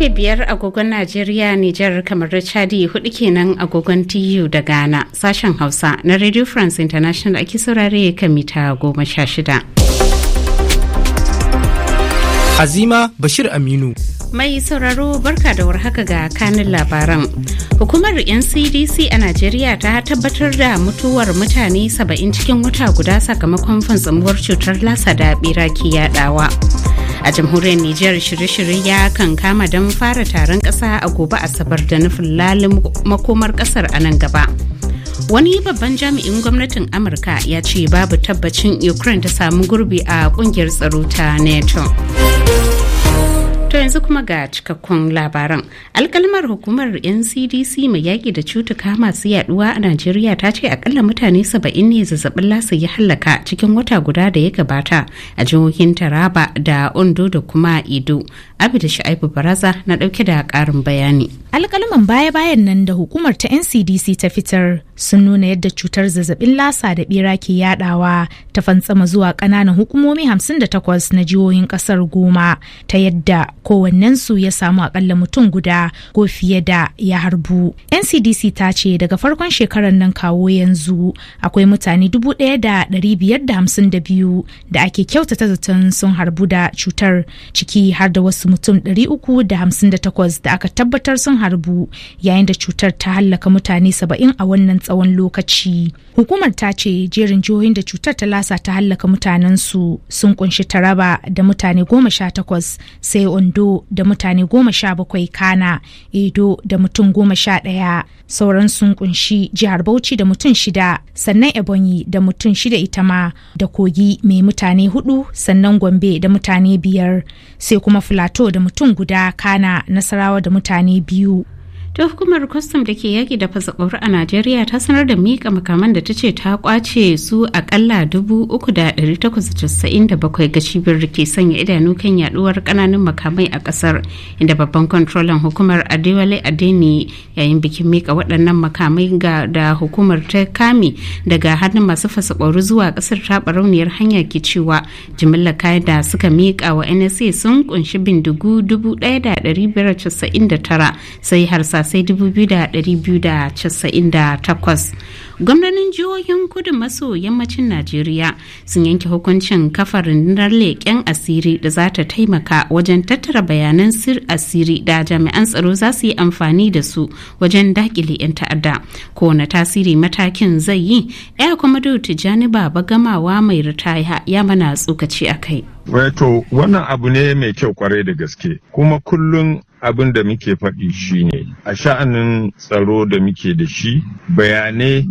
karfe biyar agogon Najeriya, Nijar, kamar da Chadi hudu kenan agogon TU da Ghana, sashen Hausa na Radio France International ake saurare kan mita goma sha shida. Azima Bashir Aminu. Mai sauraro barka da warhaka ga kanin labaran. Hukumar NCDC a Najeriya ta tabbatar da mutuwar mutane saba'in cikin wata guda sakamakon fansamuwar cutar lasa da ya dawa. a jamhuriyar Nijar shirye-shirye ya kan kama don fara taron ƙasa a gobe Asabar da nufin lalin makomar ƙasar a nan gaba. Wani babban jami'in gwamnatin Amurka ya ce babu tabbacin Ukraine ta samu gurbi a kungiyar tsaro ta NATO. To yanzu kuma ga cikakkun labaran. Alkalmar hukumar NCDC mai yaƙi da cutuka masu yaduwa a Najeriya ta ce akalla mutane saba'in ne zazzabin lasa ya hallaka cikin wata guda da ya gabata a jihohin Taraba da Ondo da kuma Edo. abida sha'ibu baraza na dauke da karin bayani alkalman baya-bayan nan da hukumar ta ncdc ta fitar sun nuna yadda cutar zazzabin lasa da bera ke yadawa ta fantsama zuwa kananan hukumomi 58 na jihohin kasar goma ta yadda kowannensu ya samu akalla mutum guda ko fiye da ya harbu ncdc ta ce daga farkon shekarar nan kawo yanzu akwai mutane 1552 da ake kyautata zaton sun harbu da cutar ciki har da wasu mutum 358 da aka tabbatar sun harbu yayin da cutar ta hallaka mutane 70 a wannan tsawon lokaci. Hukumar ta ce jerin jihohin da cutar ta lasa ta hallaka mutanensu sun kunshi Taraba da mutane goma sha takwas sai Ondo da mutane goma sha bakwai Kana, Edo da mutum goma sha ɗaya. Sauran sun kunshi jihar Bauchi da mutum shida, sannan Ebonyi da mutum shida ita ma da Kogi mai mutane hudu, sannan Gombe da mutane biyar, sai kuma Filato da mutum guda Kana, Nasarawa da mutane biyu. ta hukumar kwastam da ke yaƙi da fasa a najeriya ta sanar da mika makaman da ta ce ta kwace su akalla bakwai ga cibiyar da ke sanya idanu kan yaduwar ƙananan makamai a ƙasar inda babban kwantrolan hukumar adewale adeni yayin bikin mika waɗannan makamai ga da hukumar ta kame daga hannun masu fasa zuwa ƙasar ta barauniyar hanya ke cewa jimillar kayan da suka mika wa nsa sun kunshi bindigu tara sai harsa sai 2298 gwamnanin jihohin kudu maso yammacin najeriya sun yanke hukuncin kafar rundunar leƙen asiri da za ta taimaka wajen tattara bayanan sir asiri da jami'an tsaro za su yi amfani da su wajen daƙile 'yan ta'adda kowane tasiri matakin zai yi ya kwamado tijjani baba gamawa mai ritaya ya mana tsokaci a kai wato wannan abu ne mai kyau kwarai da gaske kuma kullum abin da muke faɗi shine a sha'anin tsaro da muke da shi bayanai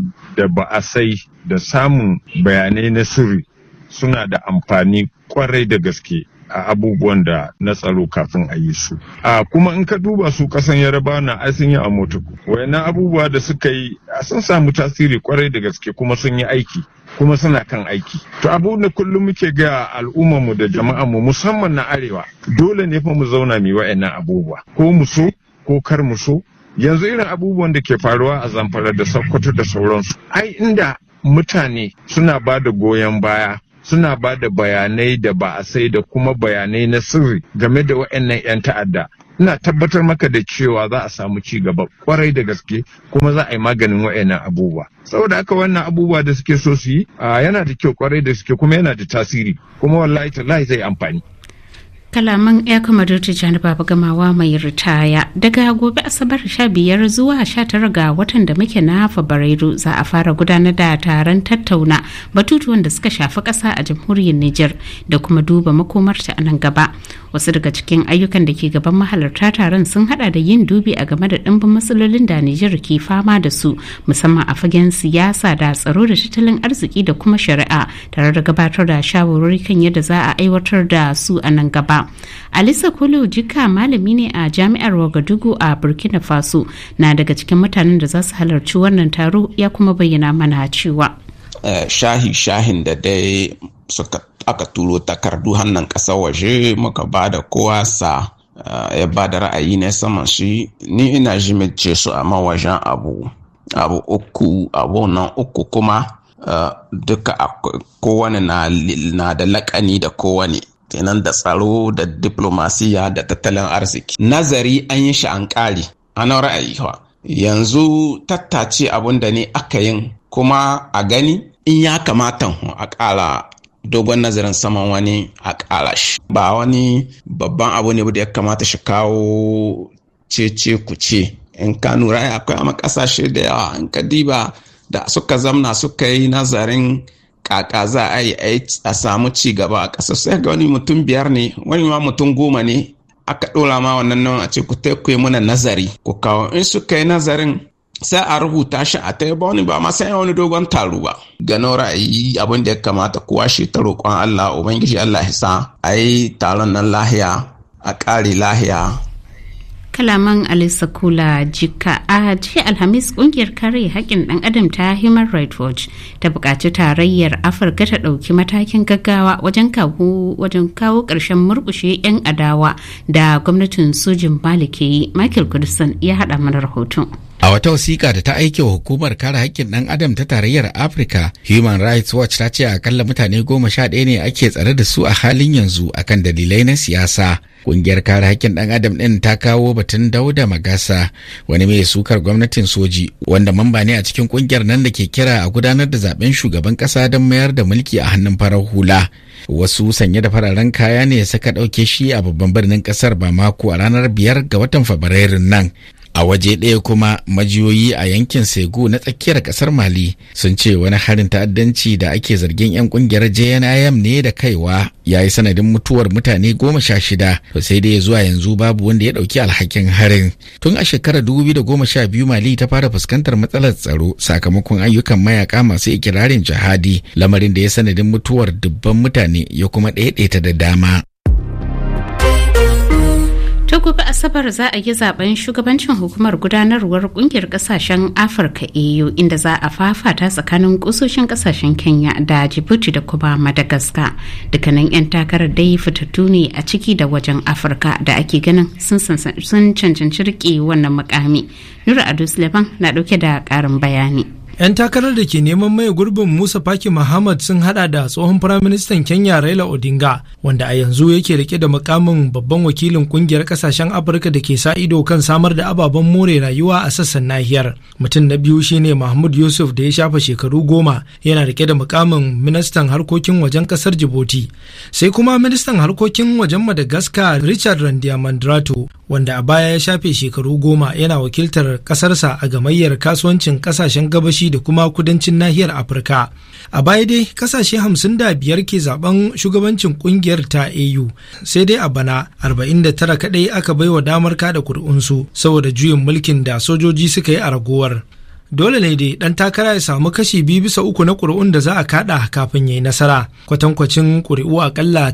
da sai da samun bayanai na sirri suna da amfani kwarai da gaske a abubuwan da na tsaro kafin a yi su. A kuma in ka duba su kasan yaraba na ai sun yi a motuku. Wayannan abubuwa da suka yi sun samu tasiri kwarai da gaske kuma sun yi aiki. kuma suna kan aiki. To abu da kullum muke ga al'ummarmu da jama'armu musamman na arewa dole ne fa mu zauna mai yi wa'annan abubuwa ko mu so ko kar mu so yanzu irin abubuwan da ke faruwa a zamfara da sokoto da sauransu ai inda mutane suna ba da goyon baya suna ba da bayanai da ba a sai da kuma bayanai na sirri game da wa'annan 'yan ta'adda ina tabbatar maka da cewa za a samu ci gaba kwarai da gaske kuma za a yi maganin wa'annan abubuwa saboda haka wannan abubuwa da suke so su yi yana da kyau kwarai da suke kuma yana da tasiri kuma wallahi tallahi zai amfani kalaman ya kamar tijjani baba gamawa mai ritaya daga gobe asabar sha biyar zuwa sha ga watan da muke na fabrairu za a fara gudanar da taron tattauna batutuwan da suka shafi kasa a jamhuriyar niger da kuma duba makomarta a nan gaba wasu daga cikin ayyukan da ke gaban mahalarta taron sun hada da yin dubi a game da ɗimbin matsalolin da niger ke fama da su musamman a fagen siyasa da tsaro da tattalin arziki da kuma shari'a tare da gabatar da shawarwari kan yadda za a aiwatar da su a nan gaba alisa kulu jika malami ne a jami'ar wagadugu a burkina faso na daga cikin mutanen da za su halarci wannan taro ya kuma bayyana mana cewa eh, shahi shahin da dai suka aka turo takardu hannun ƙasar waje muka ba da kowa eh, ya ba da ra'ayi ne saman shi ni ina jimice su a mawajen abu abu uku abu nan uku kuma eh, duka kowane na da lakani da kowane kenan da tsaro da diplomasiya da tattalin arziki nazari an yi shi an ƙari ana ra'ayi yanzu tattace abun da ne aka yin kuma a gani in ya kamata a ƙara dogon nazarin saman wani a ƙara shi ba wani babban abu ne da ya kamata shi kawo cece kuce in ka nura akwai ama ƙasashe da yawa in ka diba da suka zamna suka yi nazarin kaka za a yi a samu ci gaba a ƙasa sai ga wani mutum biyar ne wani ma mutum goma ne aka ɗora ma wannan nan a ce ku ta ku mana nazari ku kawo in suka yi nazarin sai a rubuta shi a taiba wani ba ma sai wani dogon taro ba gano ra'ayi abin da ya kamata kowa shi ta roƙon Allah ubangiji Allah ya sa a yi taron nan lahiya a ƙare lahiya kalaman alisa kula jika a jiya alhamis kungiyar kare haƙƙin ɗan adam ta human rights watch ta buƙaci tarayyar afirka ta ɗauki matakin gaggawa wajen kawo wajen kawo ƙarshen murƙushe 'yan adawa da gwamnatin sojin maliki michael goodson ya haɗa mana rahoton A wata wasiƙa da ta aike wa hukumar kare haƙƙin ɗan adam ta tarayyar Afirka, Human Rights Watch ta ce akalla mutane goma sha ɗaya ne ake tsare da su a halin yanzu akan dalilai na siyasa. Ƙungiyar kare haƙƙin ɗan adam ɗin ta kawo batun Dauda Magasa, wani mai sukar gwamnatin soji, wanda mamba ne a cikin ƙungiyar nan da ke kira a gudanar da zaben shugaban ƙasa don mayar da mulki a hannun farar hula. Wasu sanye da fararen kaya ne suka ɗauke shi a babban birnin ƙasar Bamako a ranar biyar ga watan Fabrairun nan. a waje ɗaya kuma majiyoyi a yankin Segu na tsakiyar ƙasar mali sun ce wani harin ta'addanci da ake zargin 'yan ƙungiyar jnim ne da kaiwa ya yi sanadin mutuwar mutane goma sha shida to sai dai zuwa yanzu babu wanda ya ɗauki alhakin harin tun a shekarar biyu mali ta fara fuskantar matsalar tsaro sakamakon ayyukan mayaka masu ikirarin jihadi lamarin da ya sanadin mutuwar dubban mutane ya kuma ɗaya ta da dama ta gobe asabar za a yi zaben shugabancin hukumar gudanarwar kungiyar kasashen afirka eu inda za a fafata tsakanin kusoshin kasashen kenya da jibuti da kuma madagascar dukkanin 'yan takarar dai fitattu ne a ciki da wajen afirka da ake ganin sun cancanci rike wannan mukami nura ado suleiman na dauke da karin bayani 'Yan takarar da ke neman mai gurbin Musa Faki Muhammad sun hada da tsohon firaministan Kenya Raila Odinga wanda a yanzu yake rike da mukamin babban wakilin kungiyar kasashen Afirka da ke sa ido kan samar da ababen more rayuwa a sassan nahiyar. Mutum na biyu shine Mahmud Yusuf da ya shafa shekaru goma yana rike da mukamin ministan harkokin wajen kasar Djibouti. Sai kuma ministan harkokin wajen Madagascar Richard Randiamandrato wanda a baya ya shafe shekaru goma yana wakiltar kasarsa a gamayyar kasuwancin kasashen gabashi da kuma kudancin nahiyar afirka a baya dai kasashe hamsin da biyar ke zaben shugabancin kungiyar ta au sai dai a bana arba'in da tara kadai aka baiwa damar kada kuri'unsu saboda juyin mulkin da sojoji suka yi a ragowar dole ne dai ɗan takara ya samu kashi biyu bisa uku na kuri'un da za a kaɗa kafin ya yi nasara kwatankwacin ƙuri'u aƙalla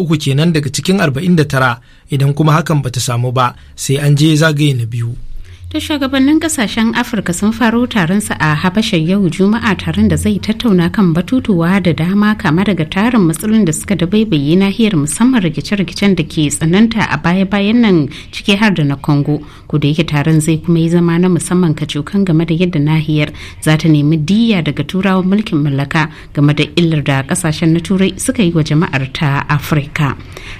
uku kenan daga cikin arba'in da tara. idan kuma hakan bata samu ba sai an je zagaye na biyu ta shugabannin kasashen afirka sun faro taron sa a habashar yau juma'a taron da zai tattauna kan batutuwa da dama kama daga tarin matsalolin da suka dabaibaye nahiyar musamman rikice-rikicen da ke tsananta a baya-bayan nan ciki har da na congo ko da yake taron zai kuma yi zama na musamman kacokan game da yadda nahiyar za ta nemi diya daga turawan mulkin mallaka game da illar da kasashen na turai suka yi wa jama'ar ta afirka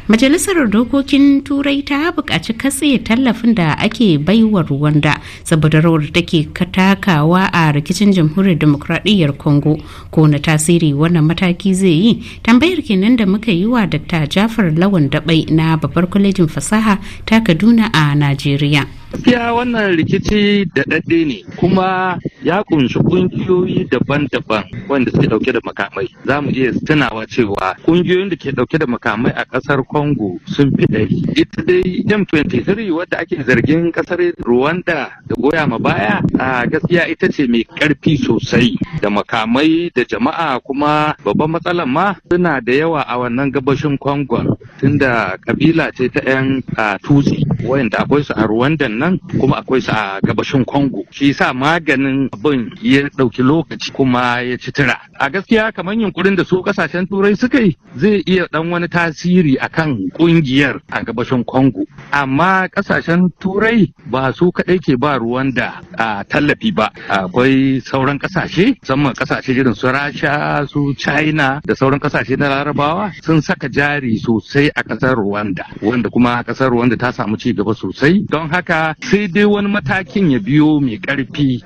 majalisar dokokin turai ta buƙaci katse tallafin da ake baiwa ruwan rwanda saboda rawar da take katakawa a rikicin jamhuriyar demokradiyyar congo ko na tasiri wannan mataki zai yi tambayar kenan da muka yi wa dr jafar lawan dabai na babbar kwalejin fasaha ta kaduna a najeriya gaskiya wannan rikici da daɗe ne kuma ya ƙunshi ƙungiyoyi daban-daban wanda suke ɗauke da makamai za mu iya tunawa cewa ƙungiyoyin da ke ɗauke da makamai a ƙasar congo sun fi ɗari ita dai m23 wadda ake zargin ƙasar rwanda da goya ma baya a gaskiya ita ce mai ƙarfi sosai da makamai da jama'a kuma babban matsalar ma suna da yawa a wannan gabashin congo tunda kabila ce ta 'yan tutsi wayanda akwai su a rwanda nan kuma akwai su a gabashin Congo. Shi sa maganin abin ya ɗauki lokaci kuma ya ci tura. A gaskiya kamar yunkurin da su kasashen turai suka yi zai iya ɗan wani tasiri akan ƙungiyar a gabashin Congo. Amma kasashen turai ba su kaɗai ke ba ruwan da a tallafi ba. Akwai sauran kasashe, musamman kasashe irin su Rasha, su China da sauran kasashe na Larabawa sun saka jari sosai a ƙasar Rwanda, wanda kuma ƙasar Rwanda ta samu ci gaba sosai. Don haka sai dai wani matakin ya biyo mai ƙarfi.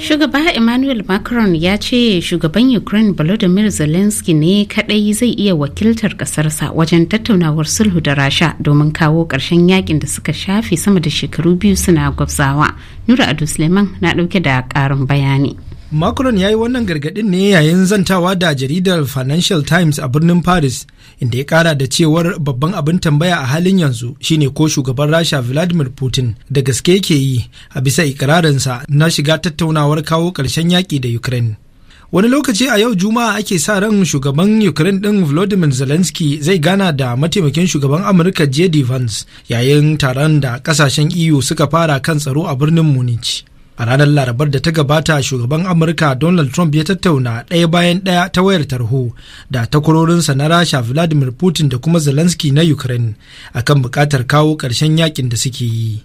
Shugaba Emmanuel Macron ya ce shugaban Ukraine Volodymyr Zelensky ne kadai zai iya wakiltar kasarsa wajen tattaunawar sulhu da Rasha domin kawo ƙarshen yakin da suka shafe sama da shekaru biyu suna gwabzawa. Nura Adu Suleiman na ɗauke da ƙarin bayani. Macron ya yi wannan gargaɗin ne yayin zantawa da jaridar Financial Times a birnin Paris inda ya kara da cewar babban abin tambaya a halin yanzu shine ko shugaban rasha vladimir putin da gaske yake yi a bisa ikirarinsa na shiga tattaunawar kawo ƙarshen yaƙi da ukraine wani lokaci a yau juma'a ake sa ran shugaban ukraine din volodymyr zelensky zai gana da mataimakin shugaban amurka jd vance yayin taron da kasashen eu suka fara kan tsaro a birnin munich a ranar larabar da ta gabata shugaban amurka donald trump ya tattauna ɗaya bayan ɗaya ta wayar tarho da takwarorinsa na rasha vladimir putin da kuma zelensky na ukraine akan buƙatar kawo ƙarshen yakin da suke yi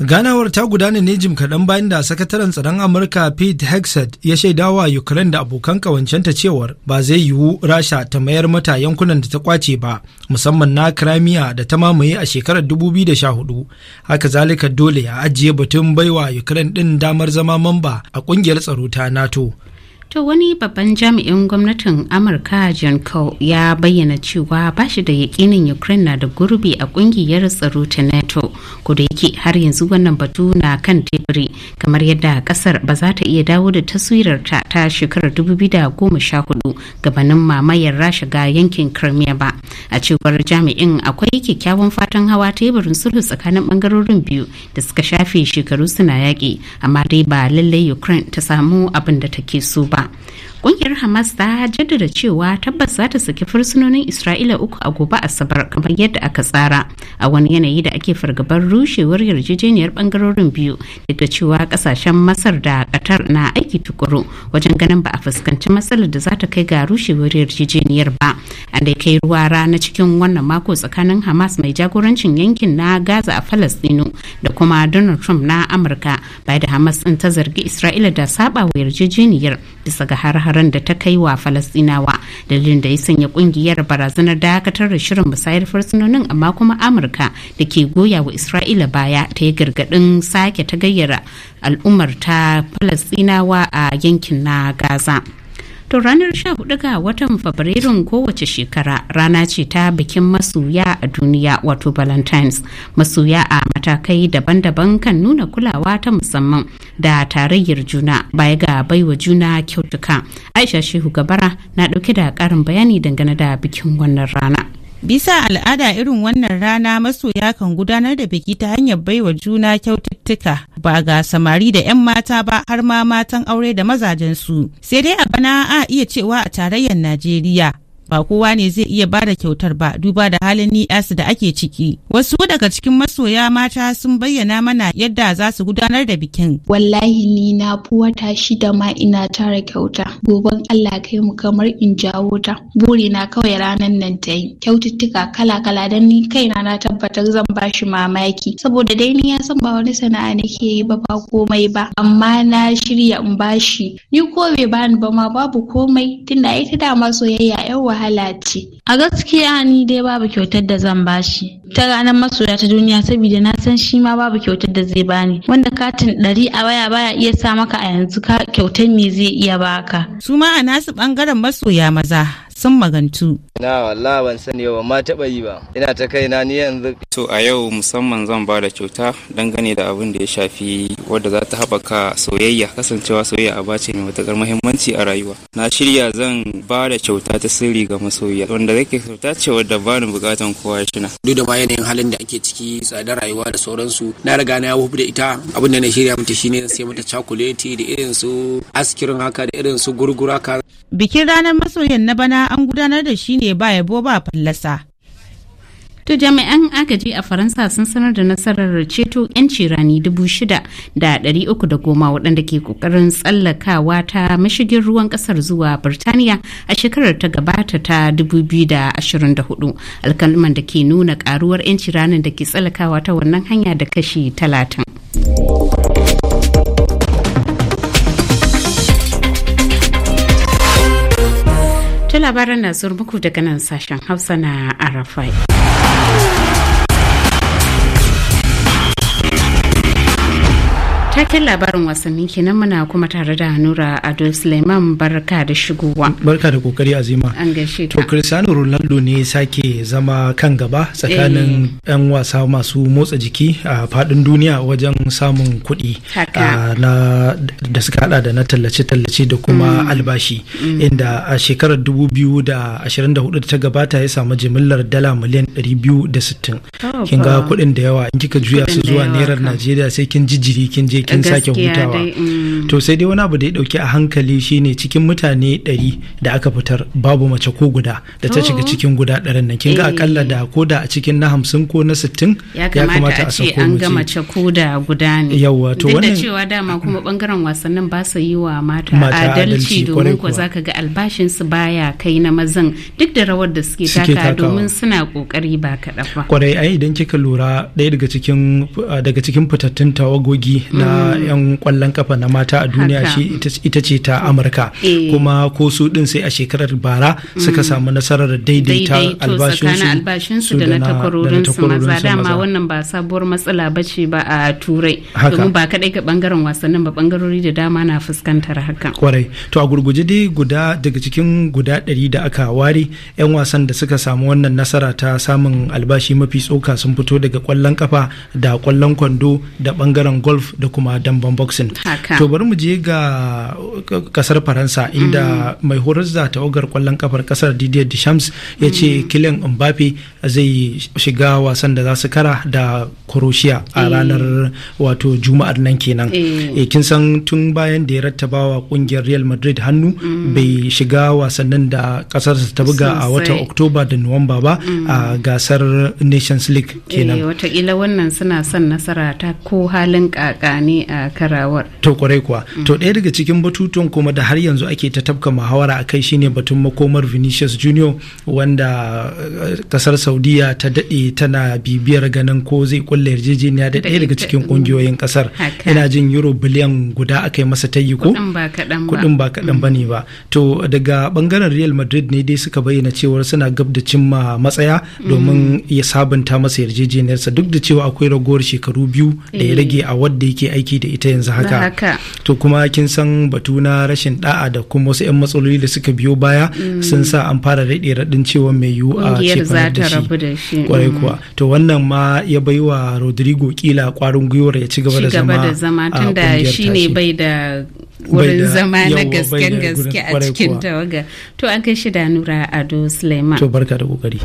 ganawar ta gudana ne jim kaɗan bayan da sakataren tsaron amurka pete hexet ya shaidawa ukraine da abokan kawancenta cewar ba zai yiwu rasha ta mayar mata yankunan da ta kwace ba musamman na crimea da ta mamaye a shekarar 2014 haka zalika dole a ajiye batun baiwa ukraine ɗin damar zama mamba a ƙungiyar tsaro ta nato To wani babban jami'in gwamnatin Amurka John Cole ya bayyana cewa ba shi da yakinin Ukraine na da gurbi a kungiyar tsaro ta NATO ko da yake har yanzu wannan batu na kan teburi kamar yadda kasar ba za ta iya dawo da taswirar ta ta shekarar 2014 gabanin mamayar rasha ga yankin Crimea ba. A cewar jami'in akwai kyakkyawan fatan hawa teburin sulhu tsakanin bangarorin biyu da suka shafe shekaru suna yaƙi amma dai ba lallai Ukraine ta samu abin da take so ba. Gracias. Ƙungiyar Hamas ta jaddada cewa tabbas za ta saki fursunonin Isra'ila uku a gobe Asabar kamar yadda aka tsara a wani yanayi da ake fargabar rushewar yarjejeniyar bangarorin biyu daga cewa kasashen Masar da Qatar na aiki tukuru wajen ganin ba a fuskanci matsalar da za ta kai ga rushewar yarjejeniyar ba. An da kai ruwa rana cikin wannan mako tsakanin Hamas mai jagorancin yankin na Gaza a Falastinu da kuma Donald Trump na Amurka bai da Hamas ɗin ta zargi Isra'ila da saba wa yarjejeniyar bisa ga har har da ta kai wa falastinawa dalilin da ya sanya kungiyar barazanar dakatar da shirin musayar fursunonin amma kuma amurka da ke goya wa isra'ila baya ta yi gargadin sake ta gayyara al'ummar ta falastinawa a yankin na gaza. To ranar sha hudu ga watan Fabrairun kowace shekara rana ce ta bikin masoya a duniya wato Valentines. Masoya a matakai daban-daban kan nuna kulawa ta musamman da tarayyar juna baya ga baiwa juna kyautuka. Aisha Shehu Gabara na ɗauke da ƙarin bayani dangane da bikin wannan rana. Bisa al'ada irin wannan rana masoya kan gudanar da biki ta hanyar baiwa juna kyaututtuka ba ga samari da 'yan mata ba har ma matan aure da mazajensu. Sai dai a bana a iya cewa a tarayyar Najeriya ba kowa ne zai iya ba da kyautar ba duba da halin ni'yasu da ake ciki wasu daga cikin masoya mata sun bayyana mana yadda za su gudanar da bikin wallahi ni na fi wata shida ma ina tara kyauta goben allah kai mu kamar in jawo ta buri na kawai ranar nan ta yi kyaututtuka kala kala don ni kaina na tabbatar zan ba shi mamaki saboda dai ni ya san ba wani sana'a nake yi ba ba komai ba amma na shirya in ba shi ni ko bai bani ba ma babu komai tunda ita dama soyayya yawa. wahala ce a gaskiya ni dai babu kyautar da zan bashi ta ranar masoya ta duniya saboda na san shi ma babu kyautar da zai bani wanda katin ɗari a waya baya iya sa maka a yanzu ka kyautar me zai iya baka su ma a nasu ɓangaren masoya maza sun magantu na wallah ban sani ba ma taba yi ba ina ta kai na ni yanzu to a yau musamman zan ba da kyauta dangane da abin da ya shafi wadda za ta haɓaka soyayya kasancewa soyayya a ce mai matakar muhimmanci a rayuwa na shirya zan ba da kyauta ta sirri ga masoyiya wanda ke kyauta ce wadda ba ni ya kowa shina duk da ma yanayin halin da ake ciki tsadar rayuwa da sauransu na riga na yawo da ita abin da na shirya mata shine na sai mata cakuleti da irin su askirin haka da irin su gurgura ka bikin ranar masoyan na bana an gudanar da shi ne ce ba yabo ba fallasa To jami'an agaji a Faransa sun sanar da nasarar ceto 'yanci rani dubu shida da ɗari uku da goma waɗanda ke ƙoƙarin tsallakawa ta mashigin ruwan ƙasar zuwa Birtaniya a shekarar ta gabata ta 2024 alkalman da ke nuna ƙaruwar 'yanci ranar da ke tsallakawa ta wannan hanya da kashi talatin. labaran na muku daga nan sashen Hausa na Arafai. Taken labarin wasanni kenan muna kuma tare da Nura Ado Suleiman barka da shigowa. Barka da kokari Azima. An gaishe To Cristiano Ronaldo ne sake zama kan gaba tsakanin eh. yan wasa masu motsa jiki a fadin duniya wajen samun kuɗi da suka hada da na tallace-tallace da kuma mm. albashi mm. inda a shekarar 2024 da ta gabata ya samu jimillar dala miliyan 260. Kin ga kuɗin da yawa in kika juya su zuwa nerar Najeriya sai kin jijiri kin je kin sake hutawa mm. to sai dai wani abu da ya dauki a hankali shine cikin mutane 100 da aka fitar babu mace ko guda da ta shiga oh. cikin guda ɗarin nan kin ga eh. akalla da ko da a cikin na 50 ko na 60 ya kamata a ce an ga mace ko da guda ne yawa to wannan cewa dama kuma bangaren wasannin ba su yi wa mata adalci domin ko zaka ga albashin su baya kai na mazan duk da rawar da suke taka domin suna kokari ba kaɗan ba kwarai ai idan kika lura daya daga cikin daga cikin fitattun tawagogi na Mm. yan kwallon kafa na mata a duniya shi ita ce ta amurka eh. kuma ko su din sai a shekarar bara suka mm. samu nasarar daidaita albashinsu da na takwarorinsu maza dama wannan ba sabuwar matsala ba ce ba a turai domin ba kaɗai ga bangaren wasannin ba bangarori da dama na fuskantar haka kwarai to a gurguje dai guda daga cikin guda ɗari da aka ware yan wasan da suka samu wannan nasara ta samun albashi mafi tsoka sun fito daga kwallon kafa da kwallon kwando da bangaren golf da kuma kuma damban boxing to bari mu je ga kasar faransa inda mm. mai horar da tawagar kwallon kafar kasar didier deschamps ya ce mm. kylian mbappe zai shiga wasan da za su kara da croatia a eh. ranar wato juma'ar nan kenan eh. Eh, kin san tun bayan da ya rattaba wa kungiyar real madrid hannu mm. bai shiga wasannin da kasar ta buga a watan oktoba da nuwamba ba a gasar nations league kenan watakila wannan suna son nasara ta ko halin kaka ne a karawar to kwarai kuwa to mm. ɗaya daga cikin batutun kuma da har yanzu ake ta tafka muhawara a kai shine batun makomar Vinicius Junior wanda kasar eh, Saudiya ta daɗe tana bibiyar ganin ko zai kulla yarjejeniya da ɗaya daga cikin kungiyoyin mm. kasar ina jin euro biliyan guda aka yi masa tayi ko kuɗin ba kaɗan ba mm. ne ba to daga bangaren Real Madrid ne dai suka bayyana cewar suna gab da cimma matsaya domin ya sabunta masa yarjejeniyarsa duk da cewa akwai ragowar shekaru biyu da ya eh. rage a wadda yake aiki aiki da ita yanzu haka to kuma kin san batu na rashin da'a da kuma wasu 'yan matsaloli da suka biyo baya mm. sun sa an fara rade radin cewa mai yiwu a cefanar da shi mm. to wannan ma ya baiwa rodrigo kila kwarin gwiwar ya ci gaba da zama tunda shi ne bai da wurin zama na gasken gaske a cikin tawaga to an kai shi da nura ado suleiman to barka da kokari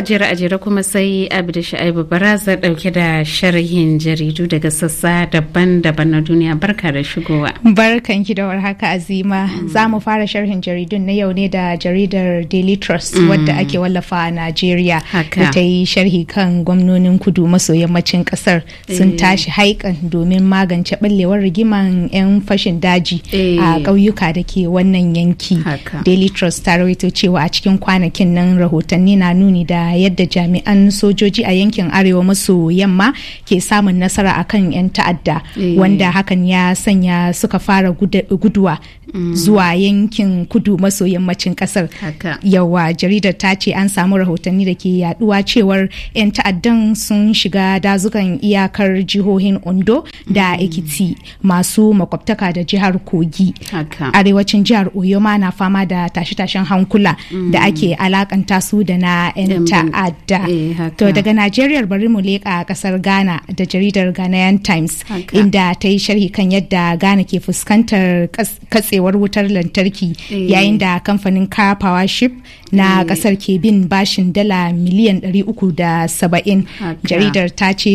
a jira a kuma sai abdu sha'ibu baraza dauke da sharhin jaridu daga sassa daban-daban na duniya barka da shigowa barkan ki da warhaka azima za mu fara sharhin jaridun na yau ne da jaridar daily trust mm. wadda ake wallafa a najeriya da ta yi sharhi kan gwamnonin kudu maso yammacin kasar sun eh. tashi haikan domin magance ɓallewar rigiman 'yan fashin daji a eh. ƙauyuka da ke wannan yanki daily trust ta rawaito cewa a cikin kwanakin nan rahotanni na nuni da yadda jami'an sojoji a yankin arewa maso yamma ke samun nasara akan 'yan ta'adda eh. wanda hakan ya sanya suka fara guduwa Mm. zuwa yankin kudu maso yammacin kasar yawa jaridar ta ce an samu rahotanni da ke yaduwa cewar 'yan ta'addan sun shiga dazukan iyakar jihohin ondo da mm. ekiti masu makwabtaka da jihar kogi arewacin jihar oyo ma na fama da tashe-tashen hankula da mm. ake alakanta su da na 'yan ta'adda eh, to daga najeriya bari mu leƙa kasar ghana da jaridar ghanaian times inda ta yi sharhi kan yadda ghana ke fuskantar katsewa katsewar wutar lantarki eh. yayin da kamfanin car ship. na eh. kasar ke bin bashin dala miliyan 370 jaridar ta ce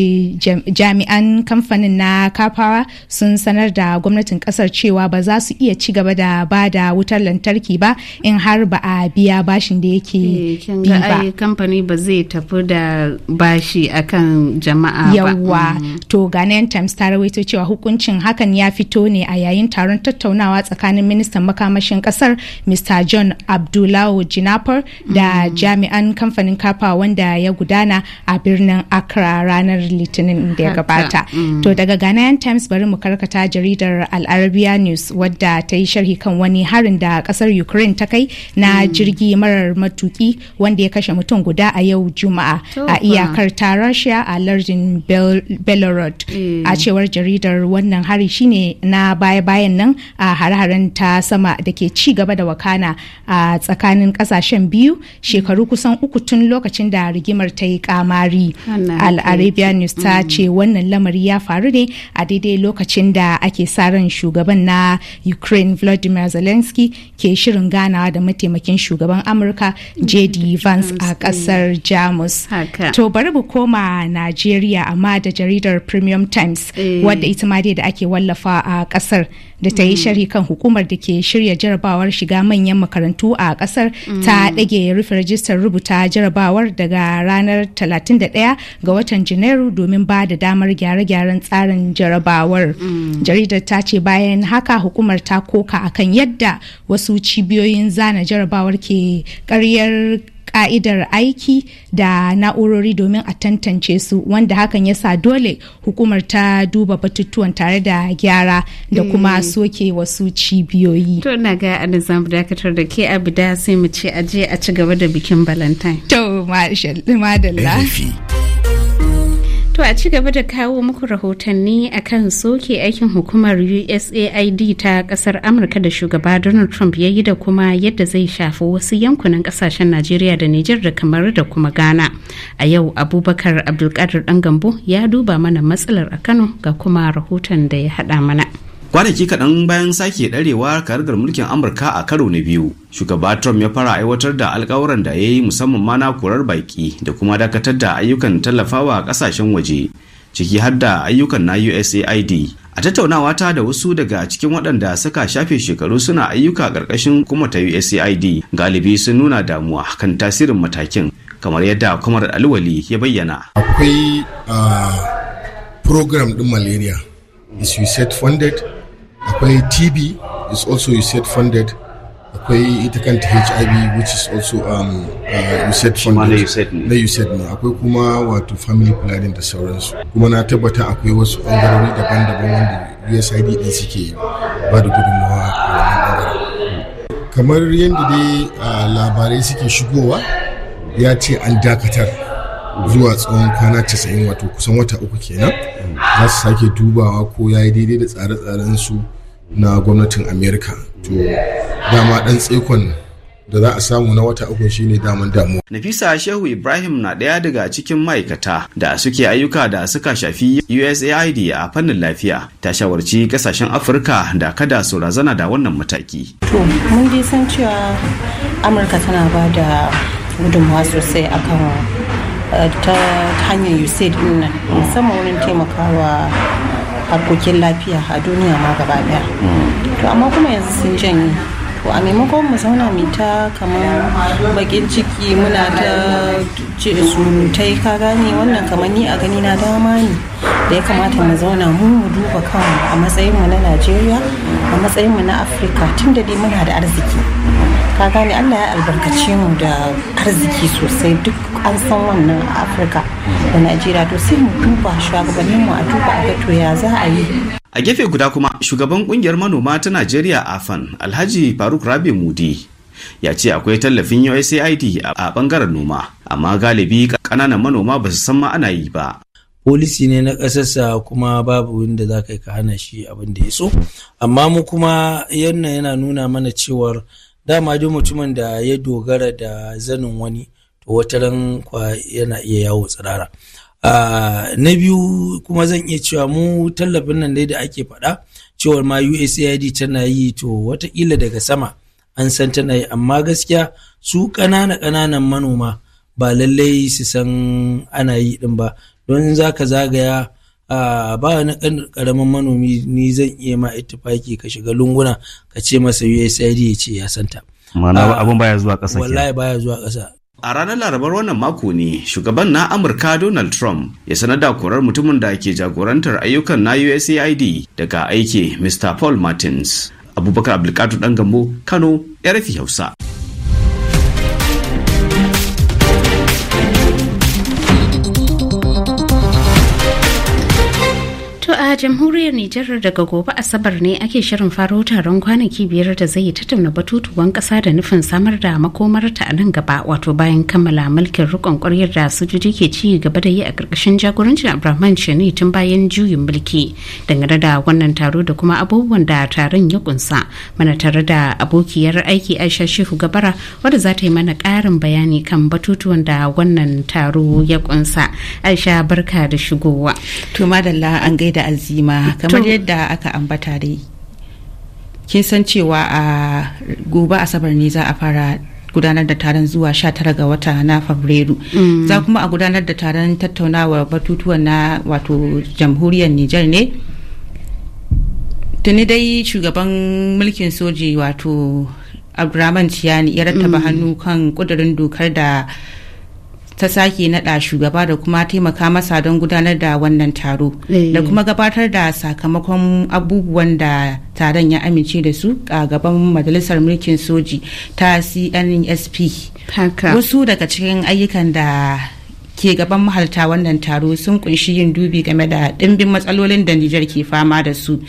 jami'an kamfanin na kafawa sun sanar da gwamnatin kasar cewa ba za su iya ci gaba da ba da wutar lantarki ba in har ba a biya bashin da yake eh, bi ba kamfani ba zai tafi da bashi akan jama'a ba yawa mm. to ghanaian times ta rawaito cewa hukuncin hakan ya fito ne a yayin taron tattaunawa tsakanin ministan makamashin kasar mr john abdullahi jina. kafar da jami'an kamfanin kafa wanda ya gudana a birnin accra ranar litinin da ya gabata mm. to daga ghanaian times bari mu karkata jaridar al'arabiya news wadda ta yi sharhi kan wani harin da kasar ukraine ta kai na mm. jirgi marar matuki wanda ya kashe mutum guda a yau juma'a a iyakar ta russia a lardin belorod a mm. cewar jaridar wannan hari shine na baya-bayan nan a hare-haren ta sama da ke ci gaba da wakana a tsakanin kasashen sashen biyu shekaru kusan uku tun lokacin da rigimar ta yi kamari al arabia news ta mm. ce wannan lamari ya faru ne a daidai lokacin da ake sa ran shugaban na ukraine vladimir zelensky ke shirin ganawa da mataimakin shugaban amurka jd vance a kasar jamus to bari mu koma najeriya amma da jaridar premium times eh. wadda ita ma da ake wallafa a kasar da ta yi mm. sharhi kan hukumar da ke shirya jarabawar shiga manyan makarantu a kasar ta mm. ya ɗage rufe rajistar rubuta jarabawar daga ranar 31 ga watan janairu domin ba da damar gyare-gyaren tsarin jarabawar mm. jaridar ta ce bayan haka hukumar ta koka akan yadda wasu cibiyoyin zana jarabawar ke karyar ka'idar aiki da na'urori domin a tantance su wanda hakan ya sa dole hukumar ta duba batutuwan tare da gyara da kuma mm. soke wasu cibiyoyi. To na ga ana zamu dakatar da ke abida sai mu ce aje a ci gaba da bikin Valentine. To madalla. To a ci gaba da kawo muku rahotanni akan soke aikin hukumar USAID ta kasar Amurka da shugaba Donald Trump ya yi da kuma yadda zai shafi wasu yankunan kasashen Najeriya da Nijar da kamar da kuma Ghana. A yau Abubakar Abdulkadir Dangambo ya duba mana matsalar a Kano ga kuma rahoton da ya haɗa mana. kwanaki kaɗan bayan sake ɗarewa karagar mulkin amurka a karo na biyu shugaba trump ya fara aiwatar da alkawuran da ya yi musamman ma na korar baƙi, da kuma dakatar da ayyukan tallafawa ƙasashen waje ciki har da ayyukan na usaid a tattaunawa ta da wasu daga cikin waɗanda suka shafe shekaru suna ayyuka ƙarƙashin kuma ta usaid galibi sun nuna damuwa kan tasirin matakin kamar yadda kwamar alwali ya bayyana akwai ah, program ɗin malaria is you set funded akwai tb is also usaid funded akwai ita kanta hiv which is also um, uh, usaid funded na usaid ne akwai kuma wato family planning da sauransu kuma na tabbata akwai wasu bangarori daban-daban wanda usaid din suke ba da gudunmawa a wannan kamar yadda dai labarai suke shigowa ya ce an dakatar zuwa tsawon kwana 90 wato kusan wata uku kenan za su sake dubawa ko ya yi daidai da tsare-tsaren su na gwamnatin amerika to dama dan tsekon da za a samu na wata uku shine daman damuwa. Nafisa Shehu Ibrahim na ɗaya daga cikin ma'aikata da suke ayyuka da suka shafi USAID a fannin lafiya ta shawarci kasashen Afirka da kada su razana da wannan mataki. To, mun san cewa Amurka tana ba da gudunmawa sosai akan ta hanyar usaid din nan musamman wurin taimakawa harkokin lafiya a duniya ma gaba daya hmm. to amma kuma yanzu sun janye to a maimakon mu zauna mai ta kamar bakin ciki muna ta surutai ka gane wannan kamar ni a gani na dama ne da ya kamata mu zauna mu mu duba kanmu a matsayinmu na najeriya a matsayinmu na afirka tun da dai muna da arziki ka gane allah ya albarkaci mu da arziki sosai duk an san wannan afirka da najeriya to sai mu duba shugabannin mu a duba a gato ya za a yi a gefe guda kuma shugaban kungiyar manoma ta najeriya afan alhaji faruk rabi mudi ya ce akwai tallafin usaid a bangaren noma amma galibi kananan manoma ba su san ma ana yi ba polisi ne na ƙasarsa kuma babu wanda za ka yi ka hana shi abin da ya so amma mu kuma yana nuna mana cewar dama duk mutumin da ya dogara da zanin wani to wataran kwa yana iya yawo tsirara ah, na biyu kuma zan iya cewa mu tallafin nan dai da ake faɗa cewar ma usaid tana yi to watakila daga sama an san tana yi amma gaskiya su ƙanana ƙananan manoma ba lallai su san ana yi ɗin ba don zaka zagaya a ba na ɗan karamin manomi ni zan iya ma ittifaki ka shiga lunguna ka ce masa USAID ya ce ya santa ma'ana abun baya zuwa ƙasa wallahi baya zuwa ƙasa a ranar larabar wannan mako ne shugaban na amurka donald trump ya sanar da korar mutumin da ke jagorantar ayyukan na usaid daga aiki mr paul martins abubakar abdulkatu ɗan gambo kano rfi hausa a jamhuriyar Nijar daga gobe Asabar ne ake shirin faro taron kwanaki biyar da zai tattauna batutuwan ƙasa da nufin samar da makomarta a nan gaba wato bayan kammala mulkin rikon kwaryar da sojoji ke ci gaba da yi a karkashin jagorancin Abraham Shani tun bayan juyin mulki dangane da wannan taro da kuma abubuwan da taron ya kunsa mana tare da abokiyar aiki Aisha Shehu Gabara wadda za ta yi mana ƙarin bayani kan batutuwan da wannan taro ya kunsa. Aisha barka da shigowa. To madalla an gaida azima kamar yadda aka ambata dai kin san cewa a gobe asabar ne za a fara gudanar da taron zuwa 19 ga wata na fabrairu mm. za kuma a gudanar da taron tattaunawa batutuwan na wato jamhuriyar niger ne tuni dai shugaban mulkin soji wato abdurrahman ciyani ya rattaba mm. hannu kan kudurin dokar da ta sake naɗa shugaba da kuma taimaka masa don gudanar da wannan taro eh. da kuma gabatar da sakamakon abubuwan da taron ya amince da su a gaban majalisar mulkin soji ta cnsp wasu daga cikin ayyukan da ke gaban mahalta wannan taro sun kunshi yin dubi game da ɗimbin matsalolin da Nijar ke fama da su.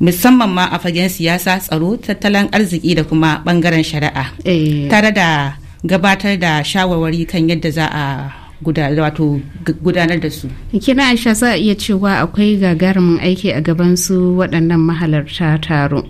Musamman ma a fagen siyasa, tsaro, tattalin arziki da kuma ɓangaren shari'a. Eh. Tare da gabatar da shawarwari kan yadda za a gudanar da su. kina aisha za a iya cewa akwai gagarumin aiki a gabansu waɗannan mahalarta taro.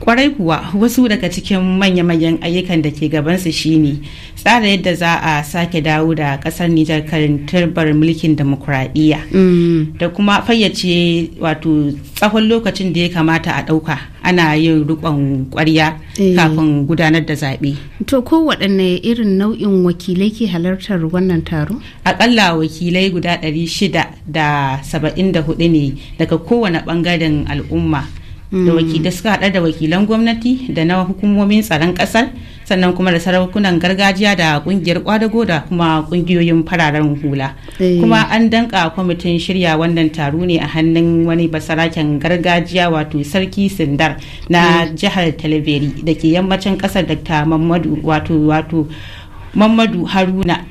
kwarai kuwa wasu daga cikin manya-manyan ayyukan da ke gabansu shine tsara yadda za a sake dawo da kasar nijar karin turbar mulkin demokuraɗiyya mm. da kuma fayyace wato tsawon lokacin da ya kamata a ɗauka ana yin rikon kwarya eh. kafin gudanar da zaɓe. to ko waɗanne irin nau'in wakilai ke halartar wannan taro aƙalla wakilai guda 674 ne daga kowane ɓangaren al'umma da hmm. suka hada da wakilan gwamnati da na hukumomin tsaron kasar sannan kuma da sarakunan gargajiya da ƙungiyar kwadago da kuma ƙungiyoyin fararen hula eh. kuma an danka kwamitin shirya wannan taro ne a hannun wani basaraken gargajiya wato sarki sindar na hmm. jihar talibiri da ke yammacin kasar dr mamadu wato wato mamadu haruna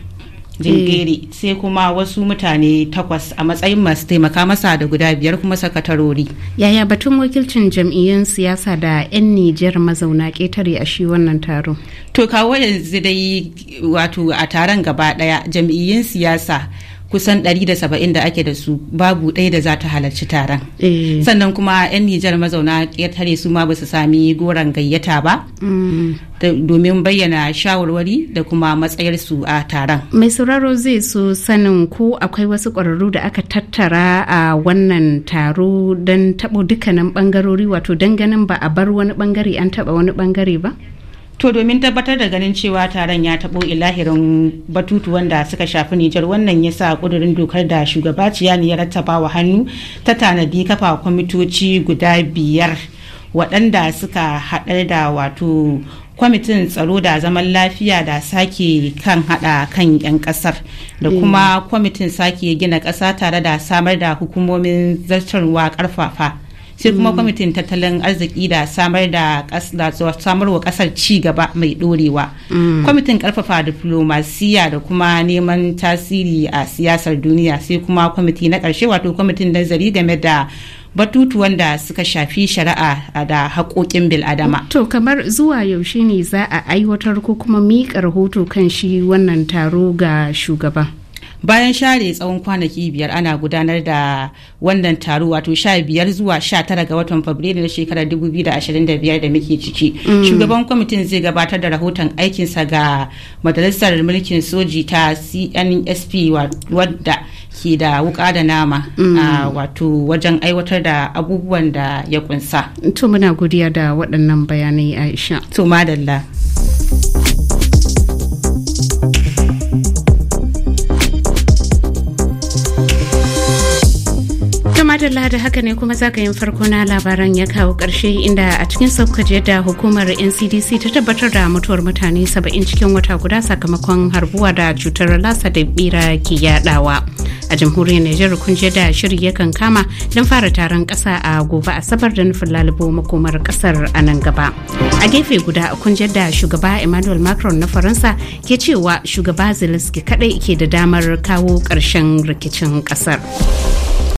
jingiri eh, sai kuma wasu mutane takwas a matsayin masu taimaka masa da guda biyar kuma sakatarori yaya batun wakilcin jam'iyyun siyasa da 'yan nijar mazauna ƙetare a shi wannan taro to kawo yanzu dai wato a taron gaba daya jam'iyyun siyasa kusan 170 da ake da su babu ɗaya da za ta halarci taron eh. sannan kuma 'yan nijar mazauna ƙetare su ma ba su sami goron gayyata ba mm. domin bayyana shawarwari da kuma matsayarsu a taron mai sauraro zai so sanin ko akwai wasu ƙwararru da aka tattara a wannan taro don taɓo dukkanin ɓangarori wato don ganin ba a bar wani ɓangare an taɓa wani ɓangare ba To domin tabbatar da ganin cewa taron ya taɓo ilahirin batutu wanda suka shafi Nijar wannan ya sa ƙudurin dokar da shugaba Ciyani ya rattaba wa hannu ta tanadi kafa kwamitoci guda biyar waɗanda suka haɗar da wato kwamitin tsaro da zaman lafiya da sake kan hada kan 'yan kasar da eh. kuma kwamitin sake gina ƙasa tare da samar da hukumomin zartarwa ƙarfafa. sai kuma mm. kwamitin tattalin arziki da samar da samarwa kasar ci gaba mai dorewa mm. kwamitin karfafa diplomasiya da kuma neman tasiri a siyasar duniya sai kuma kwamiti na karshe wato kwamitin nazari game da batutuwan da suka shafi shari'a da haƙoƙin bil'adama. To kamar zuwa yaushe ne za a aiwatar ko kuma miƙa rahoto kan shi wannan taro ga shugaban? bayan share tsawon kwanaki biyar ana gudanar da wannan taro wato sha biyar zuwa sha tara ga watan fabrairu na shekarar dubu biyu da ashirin da biyar da muke ciki mm. shugaban kwamitin zai gabatar da rahoton aikinsa ga majalisar mulkin soji ta cnsp wadda ke da wuka da nama mm. a wato wajen aiwatar da abubuwan da ya kunsa. To muna godiya da waɗannan bayanai Aisha. To madalla. madalla da haka ne kuma zagayen farko na labaran ya kawo karshe inda a cikin saukaje da hukumar ncdc ta tabbatar da mutuwar mutane 70 cikin wata guda sakamakon harbuwa da cutar lasa da bira ke yadawa a jamhuriyar nijar kun je da shiri yakan kama don fara taron ƙasa a gobe asabar da nufin lalubo makomar kasar a nan gaba a gefe guda kun je da shugaba emmanuel macron na faransa ke cewa shugaba zelensky kadai ke da damar kawo karshen rikicin ƙasar.